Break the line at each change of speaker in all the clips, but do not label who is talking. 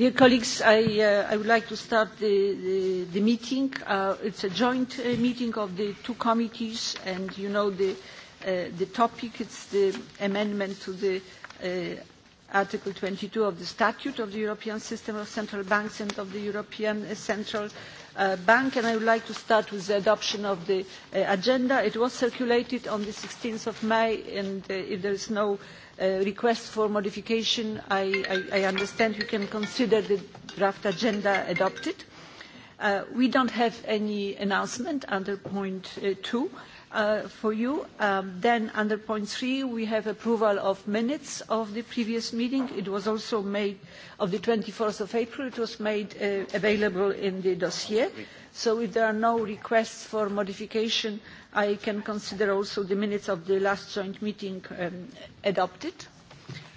Dear colleagues, I, uh, I would like to start the, the, the meeting. Uh, it's a joint uh, meeting of the two committees, and you know the, uh, the topic. It's the amendment to the uh, article twenty two of the statute of the european system of central banks and of the european central uh, bank and i would like to start with the adoption of the uh, agenda. it was circulated on sixteen may and uh, if there is no request for modification i understand we can consider the draft agenda adopted. we do not have any announcement under point two Uh, for you. Um, then under point three, we have approval of minutes of the previous meeting. It was also made of the 24th of April. It was made uh, available in the dossier. So if there are no requests for modification, I can consider also the minutes of the last joint meeting um, adopted.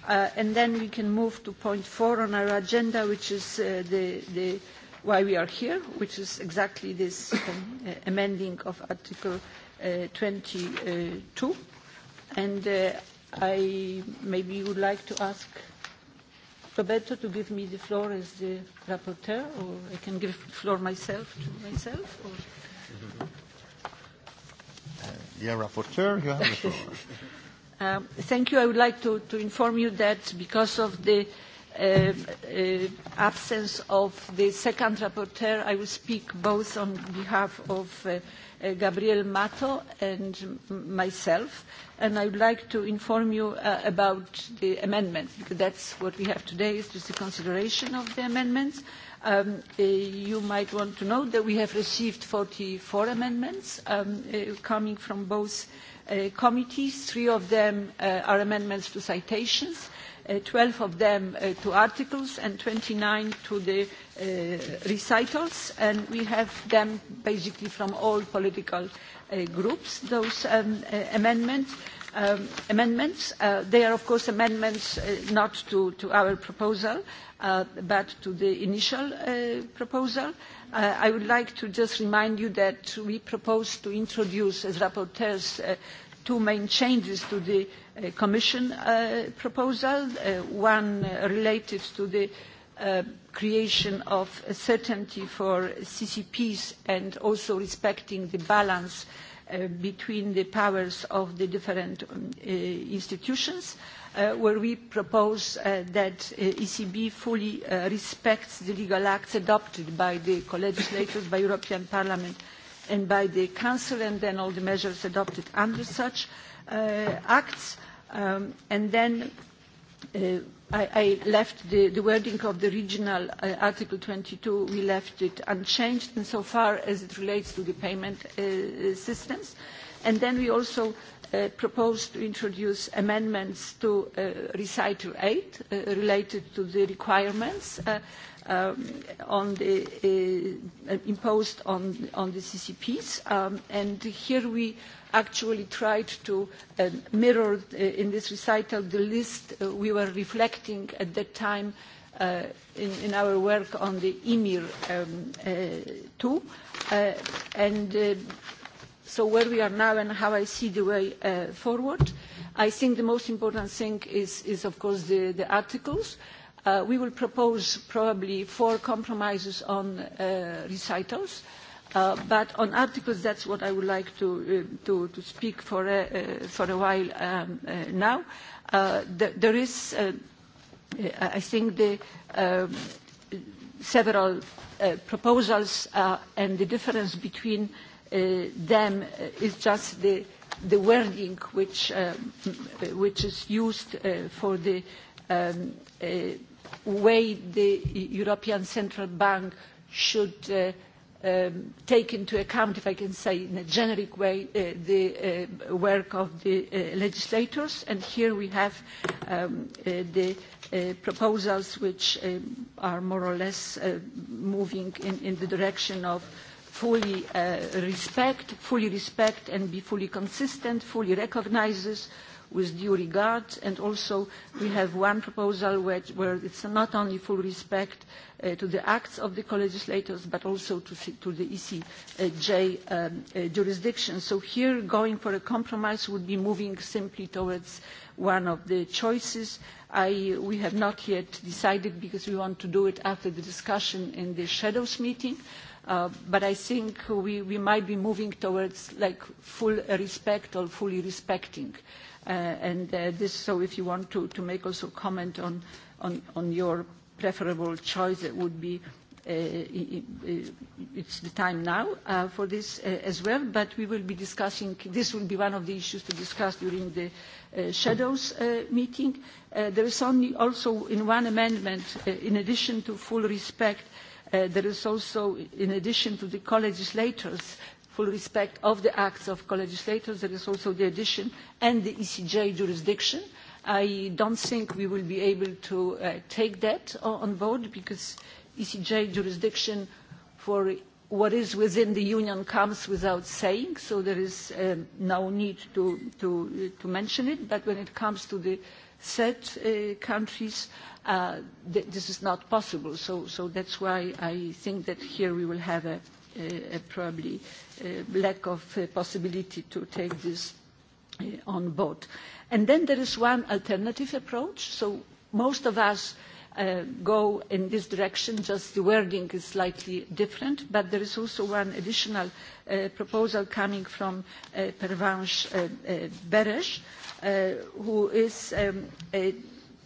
Uh, and then we can move to point four on our agenda, which is uh, the, the, why we are here, which is exactly this um, uh, amending of Article 2022. Uh, and uh, I maybe would like to ask Roberto to give me the floor as the rapporteur, or I can give floor myself, to myself, or?
Yeah, uh, rapporteur, you have the floor.
Um, thank you. I would like to inform you that because of the Uh, uh, absence of the second rapporteur, I will speak both on behalf of uh, uh Gabriel Mato and myself, and I would like to inform you uh, about the amendments, because that's what we have today, is just the consideration of the amendments. Um, uh, you might want to note that we have received 44 amendments um, uh, coming from both uh, committees. Three of them uh, are amendments to citations uh, 12 of them uh, to articles and 29 to the uh, recitals. And we have them basically from all political uh, groups, those um, uh, amendment, um, amendments. Uh, they are, of course, amendments uh, not to, to our proposal, uh, but to the initial uh, proposal. Uh, I would like to just remind you that we propose to introduce, as rapporteurs, uh, two main changes to the uh, Uh, commission uh, proposal, uh, one related to the uh, creation of a certainty for CCPs and also respecting the balance uh, between the powers of the different um, uh, institutions, uh, where we propose uh, that uh, ECB fully uh, respects the legal acts adopted by the co-legislators, by European Parliament and by the Council and then all the measures adopted under such uh, acts. Um, and then uh, I, I left the, the wording of the regional uh, Article 22, we left it unchanged insofar as it relates to the payment uh, systems. And then we also uh, proposed to introduce amendments to uh, Recital 8 uh, related to the requirements. Uh, Um, on the, uh, imposed on, on the CCPs. Um, and here we actually tried to uh, mirror uh, in this recital the list uh, we were reflecting at that time uh, in, in our work on the EMIR um, uh, too. Uh, and uh, so where we are now and how I see the way uh, forward. I think the most important thing is, is of course, the, the articles. Uh, Uh, we will propose probably four compromises on uh, recitals, uh, but on articles, that's what I would like to, uh, to, to speak for a, uh, uh, for a while um, uh, now. Uh, th there is, uh, I think, the, um, several uh, proposals uh, and the difference between uh, them is just the, the wording which, uh, which is used uh, for the um, uh, way the european central bank should uh, um, take into account if i can say in a generic way uh, the uh, work of the legislators and here we have um, the proposals which um, are more or less moving in the direction of fully respect fully respect and be fully consistent fully recognises with due regard. And also, we have one proposal where, where it's not only full respect uh, to the acts of the co-legislators, but also to, to the ECJ um, uh, jurisdiction. So here, going for a compromise would be moving simply towards one of the choices. I, we have not yet decided, because we want to do it after the discussion in the Shadows meeting, uh, Uh, but I think we, we might be moving towards like full respect or fully respecting. Uh, and uh, this, so if you want to, to make also comment on, on, on your preferable choice, it would be uh, it, it, it's the time now uh, for this uh, as well, but we will be discussing, this will be one of the issues to discuss during the uh, shadows uh, meeting. Uh, there is only also in one amendment, uh, in addition to full respect, uh, Uh, there is also in addition to the co-legislators full respect of the acts of co-legislators there is also the addition and the ecj jurisdiction I don't think we will be able to uh, take that on board because ECJ jurisdiction for what is within the union comes without saying so there is um, no need to, to, to mention it but when it comes to the said uh, countries uh, th this is not possible so, so that's why I think that here we will have a, a, a probably a uh, lack of uh, possibility to take this uh, on board. And then there is one alternative approach so most of us uh, uh, go in this direction, just the wording is slightly different, but there is also one additional uh, proposal coming from uh, Pervenche uh, uh, Beres, uh, who is um, uh,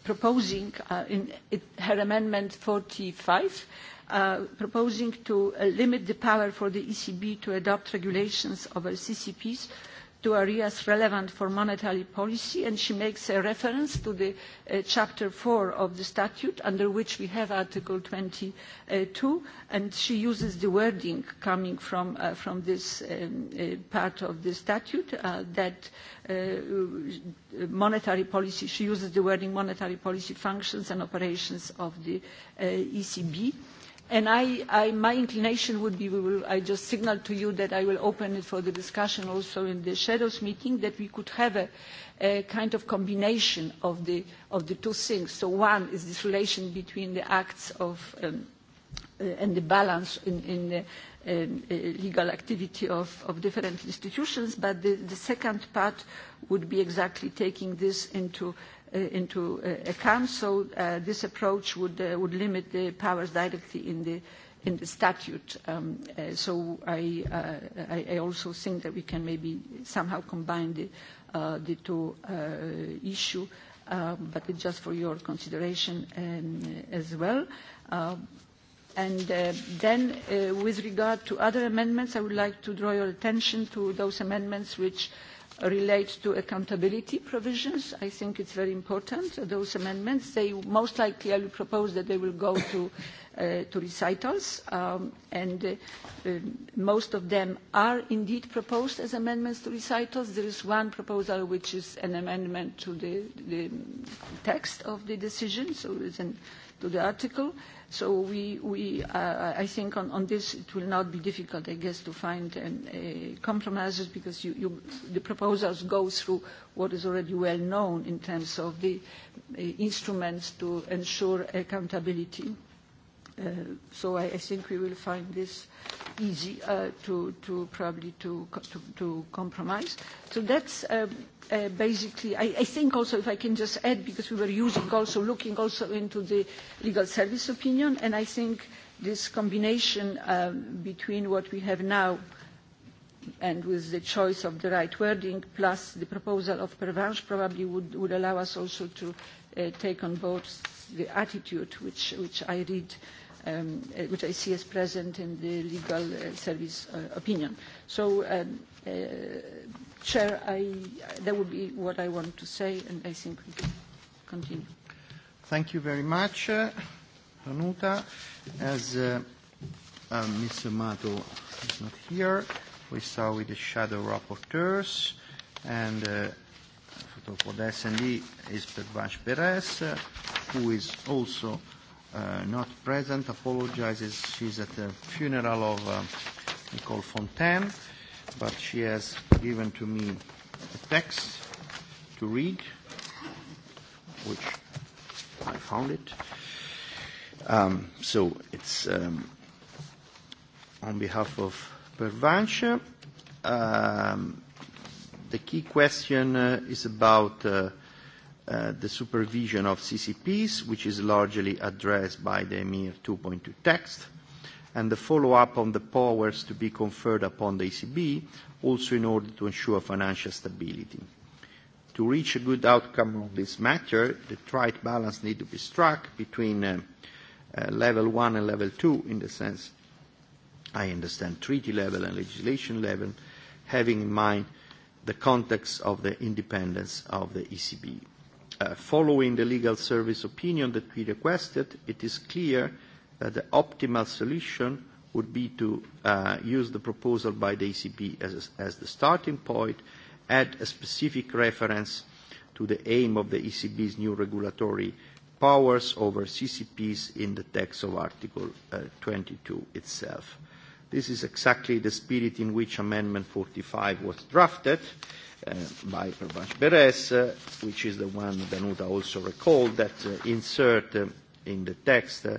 proposing uh, in her amendment 45, uh, proposing to uh, limit the power for the ECB to adopt regulations over CCPs uh, to areas relevant for monetary policy and she makes a reference to the uh, chapter 4 of the statute under which we have article 22 and she uses the wording coming from uh, from this um, uh, part of the statute uh, that uh, monetary policy she uses the wording monetary policy functions and operations of the uh, ECB uh, and I, my inclination would be we will, I just signal to you that I will open it for the discussion also in the shadows meeting that we could have a, a kind of combination of the, of the two things. So one is this relation between the acts of, um, uh, and the balance in, in the um, uh, legal activity of, of different institutions, but the, the second part would be exactly taking this into uh, Uh, into uh, account. So uh, this approach would uh, would limit the powers directly in the in the statute. Um, uh, so I, uh, I I also think that we can maybe somehow combine the uh, the two uh, issue, um, but it's just for your consideration um, as well. Uh, and uh, then uh, with regard to other amendments, I would like to draw your attention to those amendments which uh, relate to accountability provisions. I think it's very important, uh, those amendments. They most likely, I will propose that they will go to, uh, to recitals. Um, and uh, uh, most of them are indeed proposed as amendments to recitals. There is one proposal which is an amendment to the, the text of the decision. So it's an to the article. So we, we uh, I think on, on this it will not be difficult, I guess, to find um, uh, compromises because you, you, the proposals go through what is already well known in terms of the uh, instruments to ensure accountability. Uh, so I, I think we will find this uh, easy uh, to, to probably to, to, to compromise. So that's uh, uh, basically, I, I think also if I can just add, because we were using also, looking also into the legal service opinion, and I think this combination um, between what we have now and with the choice of the right wording plus the proposal of Pervenche probably would, would allow us also to uh, take on board the attitude which, which I read uh, um, uh, which I see as present in the legal uh, service uh, opinion. So, um, uh, Chair, I, that would be what I want to say, and I think we can continue.
Thank you very much, Panuta. Uh, as uh, uh, Ms. Amato is not here, we start with the shadow rapporteurs and uh, for the SD is Pervash Perez, uh, who is also uh, not present, apologizes. She's at the funeral of uh, Nicole Fontaine, but she has given to me a text to read, which I found it. Um, so it's um, on behalf of Pervanche. Um, the key question uh, is about. Uh, Uh, the supervision of CCPs, which is largely addressed by the EMIR 2.2 text, and the follow-up on the powers to be conferred upon the ECB, also in order to ensure financial stability. To reach a good outcome on this matter, the right balance needs to be struck between uh, uh, level 1 and level 2, in the sense I understand treaty level and legislation level, having in mind the context of the independence of the ECB. Uh, following the legal service opinion that we requested, it is clear that the optimal solution would be to uh, use the proposal by the ECB as, a, as the starting point, add a specific reference to the aim of the ECB's new regulatory powers over CCPs in the text of Article uh, 22 itself. This is exactly the spirit in which Amendment 45 was drafted. Uh, Uh, by Pervash Beres, uh, which is the one Danuta also recalled, that uh, insert uh, in the text uh,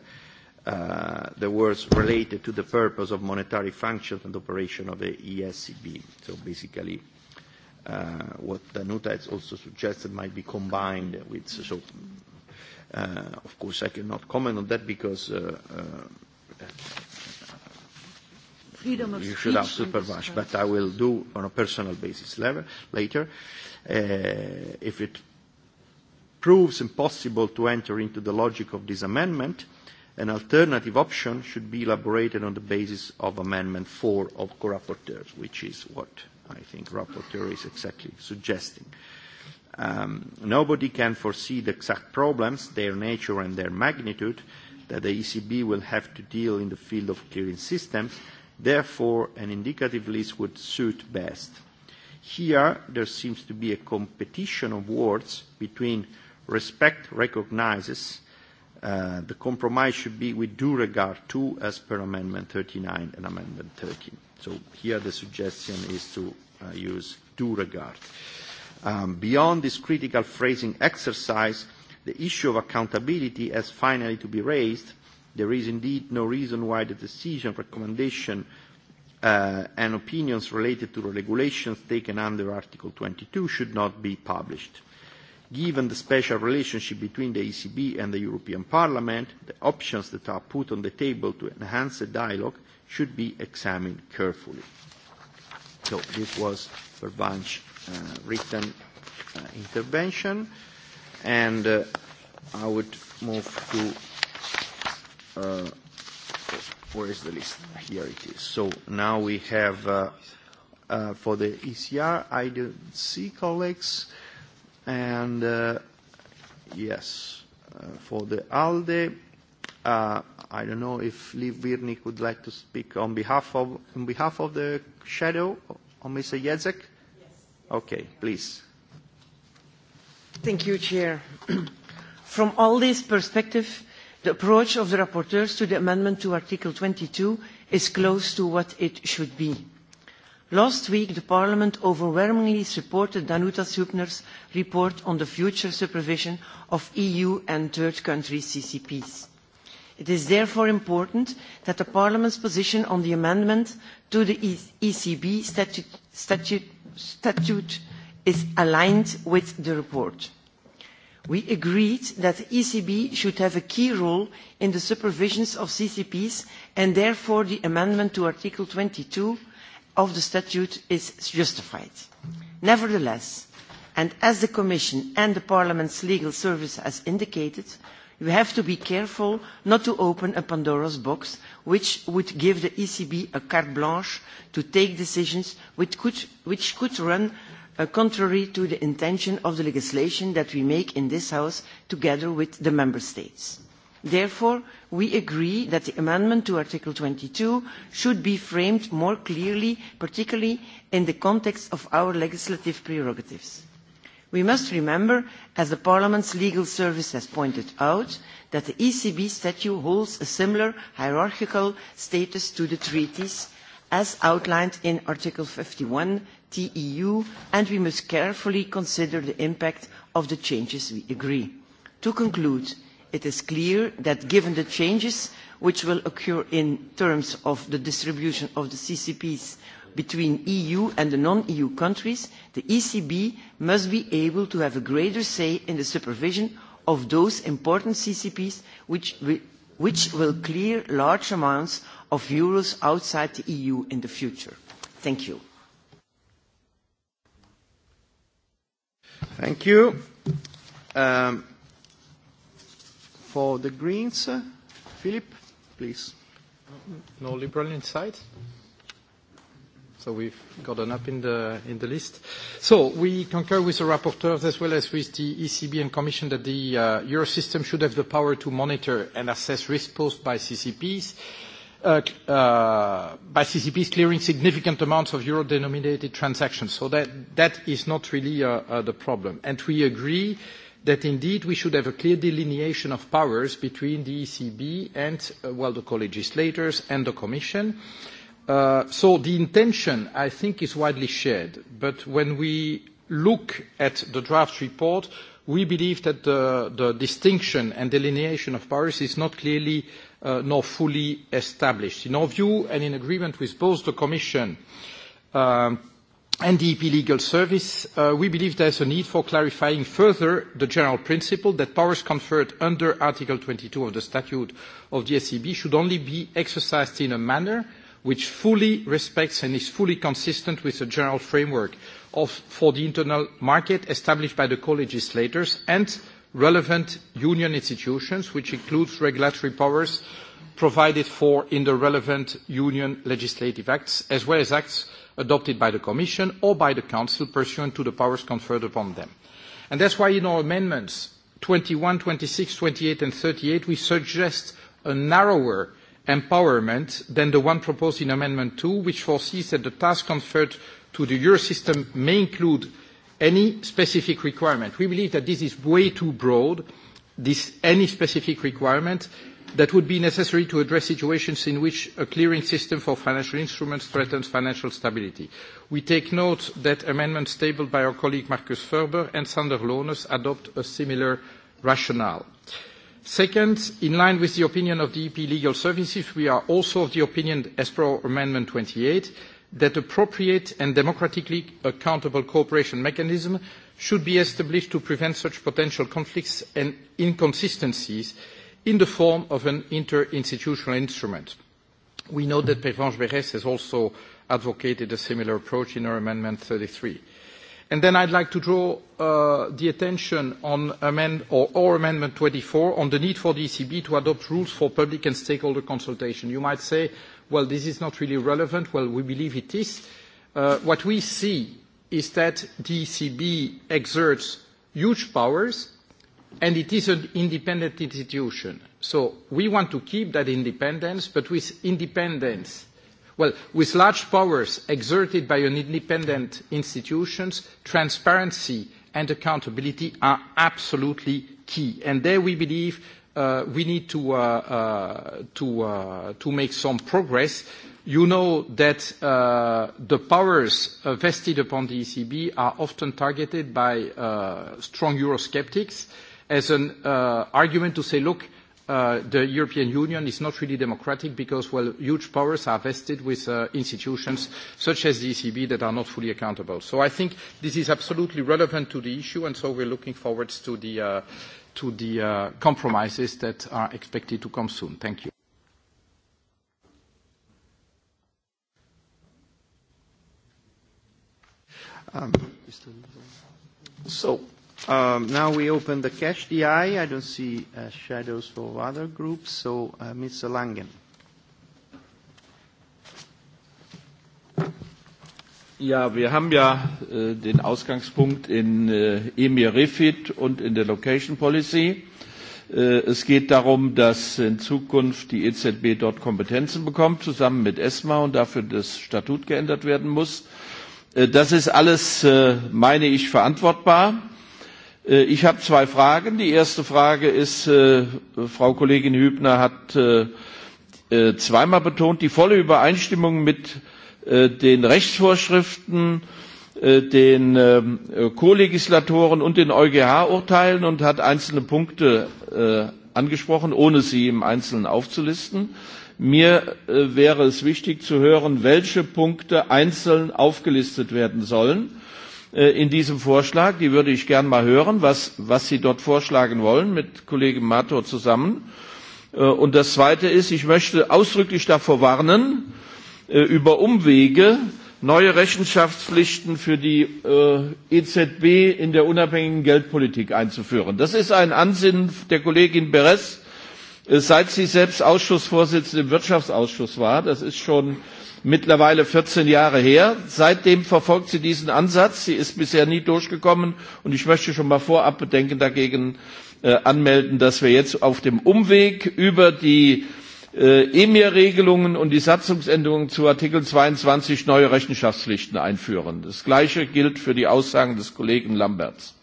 uh, the words related to the purpose of monetary functions and operation of the ESCB. So basically, uh, what Danuta has also suggested might be combined with. So, uh, of course, I cannot comment on that because uh, uh,
freedom of you should ask supervise,
but I will do on a personal basis level later. Uh, if it proves impossible to enter into the logic of this amendment, an alternative option should be elaborated on the basis of Amendment 4 of co-rapporteurs, which is what I think rapporteur is exactly suggesting. Um, nobody can foresee the exact problems, their nature and their magnitude, that the ECB will have to deal in the field of clearing systems, Therefore, an indicative list would suit best. Here, there seems to be a competition of words between respect recognizes uh, the compromise should be with due regard to as per Amendment 39 and Amendment 13. So here the suggestion is to uh, use due regard. Um, beyond this critical phrasing exercise, the issue of accountability has finally to be raised There is indeed no reason why the decision, recommendation, uh, and opinions related to the regulations taken under Article 22 should not be published. Given the special relationship between the ECB and the European Parliament, the options that are put on the table to enhance the dialogue should be examined carefully. So this was Verbanj's uh, written uh, intervention, and uh, I would move to uh, where is the list? Here it is. So now we have uh, uh, for the ECR, I don't see colleagues. And uh, yes, uh, for the ALDE, uh, I don't know if Liv Virnik would like to speak on behalf of, on behalf of the shadow on Mr. Jezek. Yes. Okay, please.
Thank you, Chair. From all this perspective, The approach of the rapporteurs to the amendment to Article 22 is close to what it should be. Last week, the Parliament overwhelmingly supported Danuta Suppner's report on the future supervision of EU and third country CCPs. It is therefore important that the Parliament's position on the amendment to the ECB e statute, statute, statute is aligned with the report we agreed that the ecb should have a key role in the supervision of ccps and therefore the amendment to article twenty two of the statute is justified. nevertheless and as the commission and the parliament's legal service has indicated we have to be careful not to open a pandora's box which would give the ecb a carte blanche to take decisions which could, which could run Uh, contrary to the intention of the legislation that we make in this House together with the Member States. Therefore, we agree that the amendment to Article 22 should be framed more clearly, particularly in the context of our legislative prerogatives. We must remember, as the Parliament's legal service has pointed out, that the ECB statute holds a similar hierarchical status to the treaties, as outlined in Article 51, the EU, and we must carefully consider the impact of the changes we agree. To conclude, it is clear that given the changes which will occur in terms of the distribution of the CCPs between EU and the non-EU countries, the ECB must be able to have a greater say in the supervision of those important CCPs which, we, which will clear large amounts of euros outside the EU in the future. Thank you.
Thank you.
Um,
for the Greens, uh, Philip, please. No liberal inside. So we've got an up in the, in the list. So we concur with the rapporteurs as well as with the ECB and Commission that the uh, Euro system should have the power to monitor and assess risk posed by CCPs. Uh, Uh, uh, by CCP's clearing significant amounts of euro-denominated transactions. So that is not really uh, the problem. And we agree that indeed we should have a clear delineation of powers between the ECB and, well, the co-legislators and the Commission. So the intention, I think, is widely shared. But when we look at the draft report, we believe that the distinction and delineation of powers is not clearly Uh, nor fully established. In our view, and in agreement with both the Commission um, and the EP Legal Service, uh, we believe there is a need for clarifying further the general principle that powers conferred under Article 22 of the Statute of the SEB should only be exercised in a manner which fully respects and is fully consistent with the general framework of, for the internal market established by the co-legislators and relevant union institutions, which includes regulatory powers provided for in the relevant union legislative acts, as well as acts adopted by the Commission or by the Council pursuant to the powers conferred upon them. And that's why in our amendments 21, 26, 28, and 38, we suggest a narrower empowerment than the one proposed in Amendment 2, which foresees that the task conferred to the Eurosystem may include any specific requirement. We believe that this is way too broad, this any specific requirement that would be necessary to address situations in which a clearing system for financial instruments threatens financial stability. We take note that amendments tabled by our colleague Markus Ferber and Sander Lohnes adopt a similar rationale. Second, in line with the opinion of the European Legal Services, we are also of the opinion as per Amendment 28, that appropriate and democratically accountable cooperation mechanism should be established to prevent such potential conflicts and inconsistencies in the form of an interinstitutional instrument. We know that Pervenche Beres has also advocated a similar approach in her Amendment 33. And then I'd like to draw uh, the attention on amend, or, or Amendment 24 on the need for the ECB to adopt rules for public and stakeholder consultation. You might say, "Well, this is not really relevant." Well, we believe it is. Uh, what we see is that the ECB exerts huge powers, and it is an independent institution. We want to keep that independence, but with independence, well, with large powers exerted by an independent institutions, transparency and accountability are absolutely key. There we believe Uh, we need uh, uh, to make some progress. You know that the powers vested upon the ECB are often targeted by strong Eurosceptics as an argument to say, "Look, the European Union is not really democratic because, well, huge powers are vested with institutions such as the ECB that are not fully accountable." I think this is absolutely relevant to the issue, and so we're looking forward to the to the uh, compromises that are expected to come soon. Thank you.
Um, so um, now we open the cash DI. I don't see uh, shadows for other groups, so uh, Mr. Langen.
Ja, wir haben ja äh, den Ausgangspunkt in äh, EMIR Refit und in der Location Policy. Äh, es geht darum, dass in Zukunft die EZB dort Kompetenzen bekommt, zusammen mit ESMA und dafür das Statut geändert werden muss. Äh, das ist alles, äh, meine ich, verantwortbar. Ich habe zwei Fragen. Die erste Frage ist, Frau Kollegin Hübner hat zweimal betont, die volle Übereinstimmung mit Äh, den Rechtsvorschriften, äh, den ähm, Co-Legislatoren und den EuGH-Urteilen und hat einzelne Punkte äh, angesprochen, ohne sie im Einzelnen aufzulisten. Mir wäre es wichtig zu hören, welche Punkte einzeln aufgelistet werden sollen in diesem Vorschlag. Die würde ich gern mal hören, was, was Sie dort vorschlagen wollen mit Kollege Mator zusammen. Und das Zweite ist, ich möchte ausdrücklich davor warnen, äh, Äh, über Umwege neue Rechenschaftspflichten für die äh, EZB in der unabhängigen Geldpolitik einzuführen. Das ist ein Ansinnen der Kollegin Beres, äh, seit sie selbst Ausschussvorsitzende im Wirtschaftsausschuss war. Das ist schon mittlerweile 14 Jahre her. Seitdem verfolgt sie diesen Ansatz. Sie ist bisher nie durchgekommen. Und ich möchte schon mal vorab Bedenken dagegen anmelden, dass wir jetzt auf dem Umweg über die äh, EMIR-Regelungen und die Satzungsänderungen zu Artikel 22 neue Rechenschaftspflichten einführen. Das Gleiche gilt für die Aussagen des Kollegen Lamberts.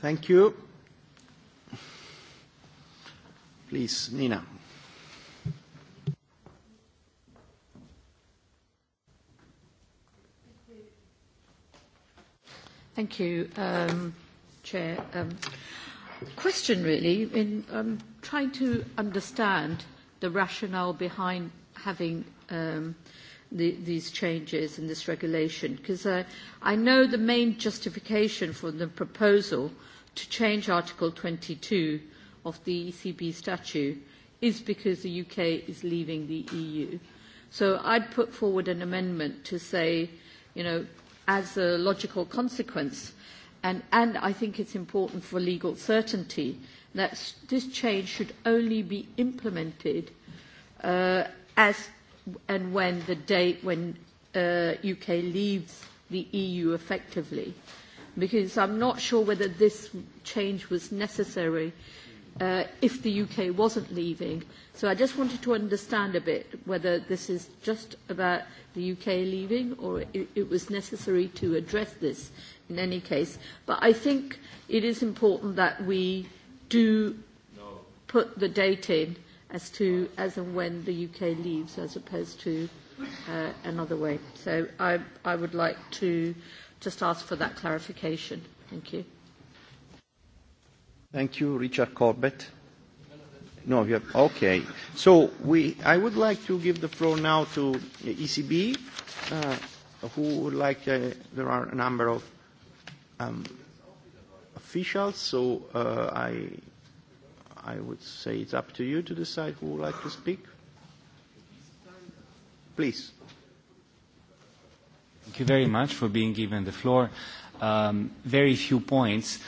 Thank you. Please, Nina.
Thank you, um, Chair. Um, question really, in um, trying to understand the rationale behind having um, the, these changes in this regulation, because uh, I know the main justification for the proposal to change Article 22 of the ECB statute is because the UK is leaving the EU. So I'd put forward an amendment to say, you know, as a logical consequence, and, and I think it's important for legal certainty, that this change should only be implemented uh, as and when the date when uh, UK leaves the EU effectively. Because I'm not sure whether this change was necessary uh, Uh, if the UK wasn't leaving. So I just wanted to understand a bit whether this is just about the UK leaving or it, it was necessary to address this in any case. But I think it is important that we do no. put the date in as to as and when the UK leaves as opposed to uh, another way. So I, I would like to just ask for that clarification. Thank you.
Thank you, Richard Corbett. No, you have, okay. So we, I would like to give the floor now to ECB, uh, who would like, uh, there are a number of um, officials, so uh, I, I would say it's up to you to decide who would like to speak.
Please. Thank you very much for being given the floor. Um, very few points.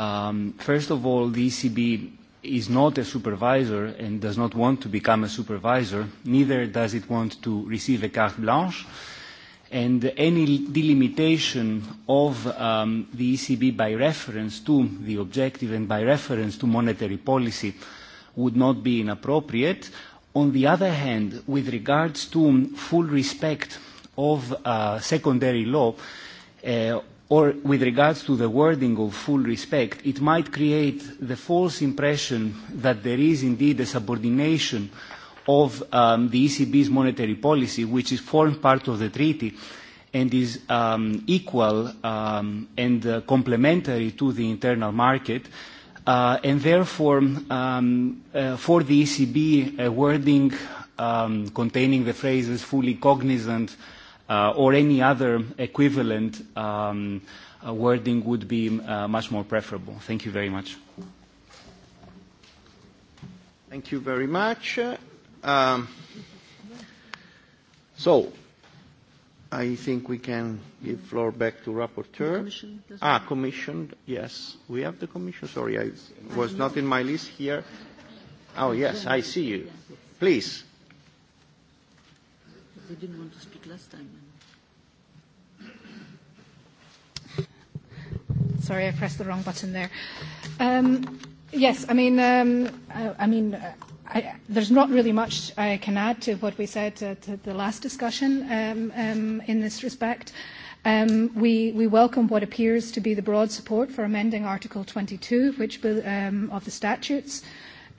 Um, first of all, the ECB is not a supervisor and does not want to become a supervisor, neither does it want to receive a carte blanche. And any delimitation of um, the ECB by reference to the objective and by reference to monetary policy would not be inappropriate. On the other hand, with regards to full respect of uh, secondary law, uh, or with regards to the wording of full respect, it might create the false impression that there is indeed a subordination of um, the ECB's monetary policy, which is formed part of the treaty and is um, equal um, and uh, complementary to the internal market. Uh, and therefore, um, uh, for the ECB, a wording um, containing the phrases fully cognizant uh, or any other equivalent um, uh, wording would be uh, much more preferable. Thank you very much.
Thank you very much. Uh, um, so, I think we can give floor back to rapporteur. Ah, commission, yes. We have the commission, sorry, I was not in my list here. Oh, yes, I see you.
Please
we didn't want to speak last time.
Sorry, I pressed the wrong button there. Um, yes, I mean, um, I, uh, I mean, uh, I, there's not really much I can add to what we said uh, to the last discussion um, um, in this respect. Um, we, we welcome what appears to be the broad support for amending Article 22, which um, of the statutes.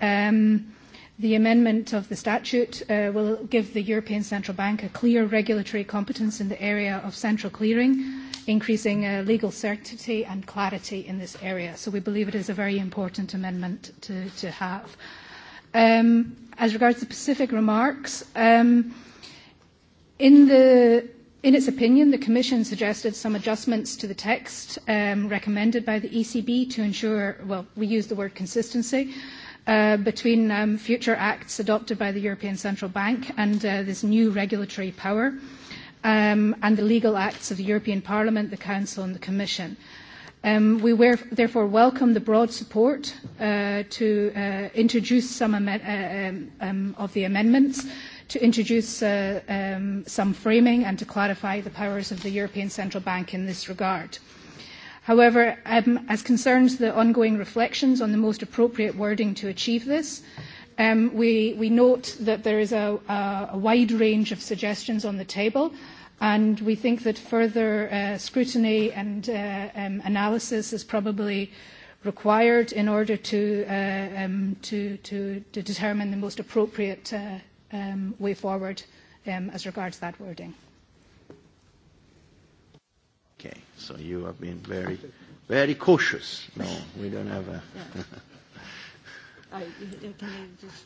Um, uh, The amendment of the statute uh, will give the European Central Bank a clear regulatory competence in the area of central clearing, increasing uh, legal certainty and clarity in this area. So we believe it is a very important amendment to, to have. Um, as regards the specific remarks, um, in, the, in its opinion, the Commission suggested some adjustments to the text um, recommended by the ECB to ensure, well, we use the word consistency. Uh, between um, future acts adopted by the European Central Bank and uh, this new regulatory power um, and the legal acts of the European Parliament, the Council and the Commission. Um, we were, therefore welcome the broad support uh, to uh, introduce some am- uh, um, um, of the amendments, to introduce uh, um, some framing and to clarify the powers of the European Central Bank in this regard. Uh, However, um, as concerns the ongoing reflections on the most appropriate wording to achieve this, um, we, we note that there is a, a, a wide range of suggestions on the table, and we think that further uh, scrutiny and uh, um, analysis is probably required in order to, uh, um, to, to, to determine the most appropriate uh, um, way forward um, as regards that wording.
Okay, so you have been very, very cautious. No, we don't have a.
I, can I just,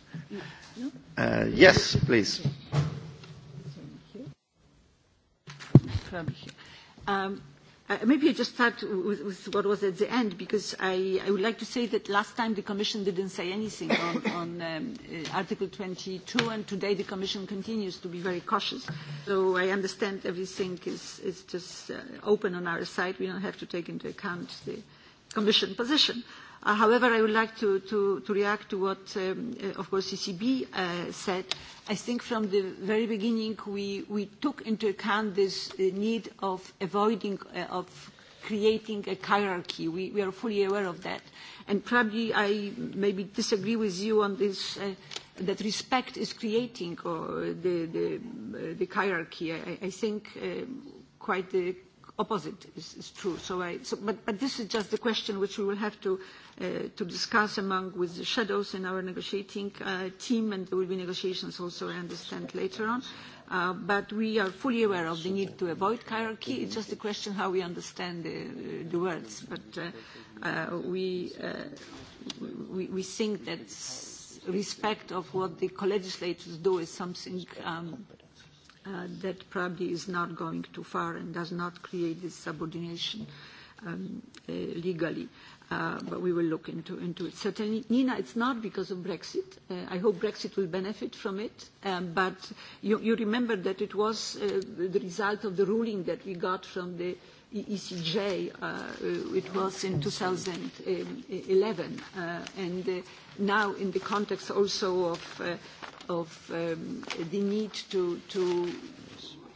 no? uh, yes, please. Um, Uh, maybe I just start with, with what was at the end, because I, I would like to say that last time the Commission didn't say anything on, on um, uh, Article 22, and today the Commission continues to be very cautious. So I understand everything is, is just uh, open on our side. We don't have to take into account the Commission position. Uh, however, I would like to react to what, um, uh, of course, ECB uh, said. I think from the very beginning, we took into account this need of avoiding of creating a hierarchy. We are fully aware of that. Probably I maybe disagree with you on this, that respect is creating the hierarchy. I think quite the opposite is, is true. So I, so, but, but this is just the question which we will have to, uh, to discuss among with the shadows in our negotiating uh, team, and there will be negotiations also, I understand, later on. Uh, but we are fully aware of the need to avoid hierarchy. It's just a question how we understand the, the words. But uh, uh, we, uh, we, we think that respect of what the co-legislators do is something um, uh, that probably is not going too far and does not create this subordination um, uh, legally. Uh, but we will look into, into it. Certainly, Nina, it's not because of Brexit. Uh, I hope Brexit will benefit from it. Um, but you, you remember that it was uh, the result of the ruling that we got from the uh, ECJ, e uh, uh, it was in 2011. Uh, and uh, now in the context also of, uh, of um, the need to, to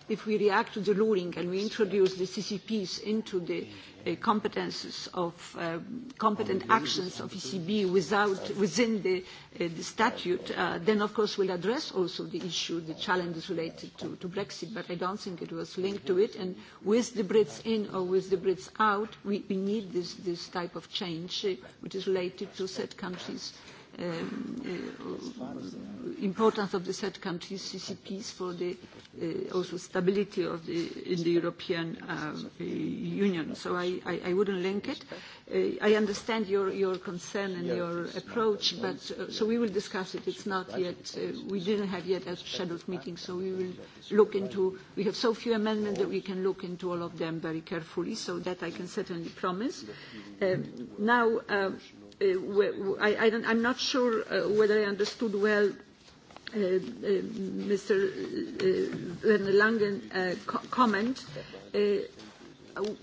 if we react to the ruling and we introduce the CCPs into the uh, competences of um, competent actions of ECB without, within the, uh, the statute, uh, then of course we'll address also the issue, the challenges related to, to Brexit, but I don't think it was linked to it. And with the Brits in or with the Brits out, we, we need this, this type of change, uh, which is related to said countries' Um, uh, importance of the third countries CCPs for the uh, also stability of the in the European uh, Union. So I, I, I wouldn't link it. Uh, I understand your, your concern and your approach, but uh, so we will discuss it. It's not yet, uh, we didn't have yet a scheduled meeting, so we will look into, we have so few amendments that we can look into all of them very carefully, so that I can certainly promise. Um, now, uh, Uh, I, I I'm not sure uh, whether I understood well uh, uh, Mr. Uh, Werner Langen's uh, co- comment. Uh,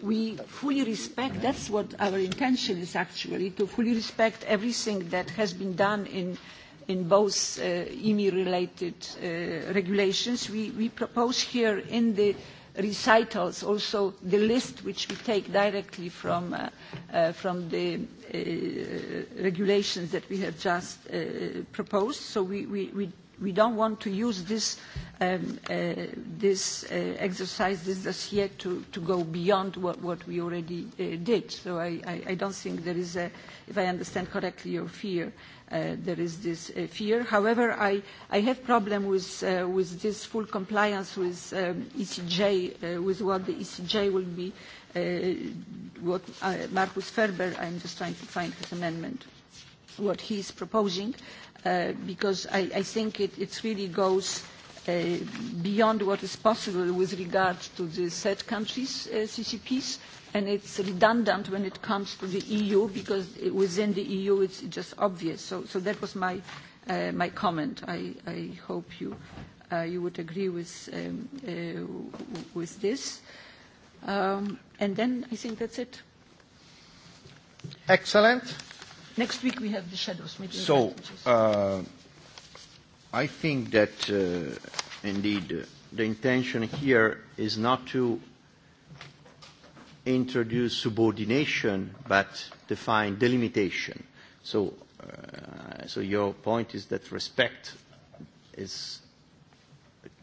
we fully respect, that's what our intention is actually, to fully respect everything that has been done in, in both uh, EMI related uh, regulations. We, we propose here in the uh, recitals, also the list which we take directly from, uh, uh, from the uh, regulations that we have just uh, proposed. So we, we, we, we don't want to use this, um, uh, this uh, exercise, this dossier, to, to go beyond what, what we already uh, did. So I, I, I don't think there is a, if I understand correctly, your fear. Uh, Uh, there is this uh, fear. However, I, I have problem with, uh, with this full compliance with um, ECJ, uh, with what the ECJ will be, uh, what uh, Markus Ferber, I'm just trying to find his amendment, what he's proposing, uh, because I, I think it, it really goes uh, Uh, beyond what is possible with regard to the third countries' uh, CCPs, and it's redundant when it comes to the EU, because within the EU it's just obvious. So, so that was my, uh, my comment. I, I hope you, uh, you would agree with, um, uh, with this. Um, and then I think that's it. Excellent. Next week we have the shadows meeting. So,
I think that uh, indeed uh, the intention here is not to introduce subordination but define delimitation. So, uh, so your point is that respect is,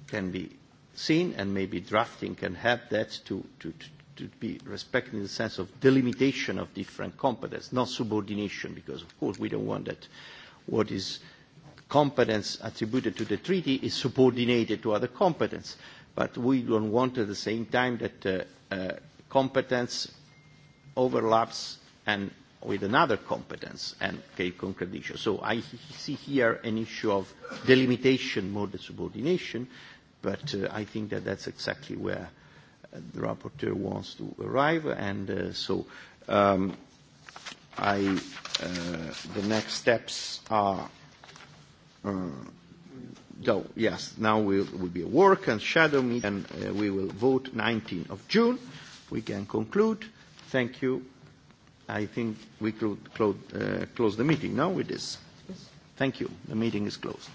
can be seen and maybe drafting can have that to, to, to be respected in the sense of delimitation of different competence, not subordination because of course we don't want that what is uh, competence attributed to the treaty is subordinated to other competence. But we don't want at the same time that uh, uh, competence overlaps and with another competence and create contradiction. So I see here an issue of delimitation more than subordination, but uh, I think that that's exactly where uh, the rapporteur wants to arrive. And uh, so um, I, uh, the next steps are. Uh, though, yes, now we will we'll be at work and shadow me, and uh, we will vote 19th of June. We can conclude. Thank you. I think we could clo- uh, close the meeting now with this. Yes. Thank you. The meeting is closed.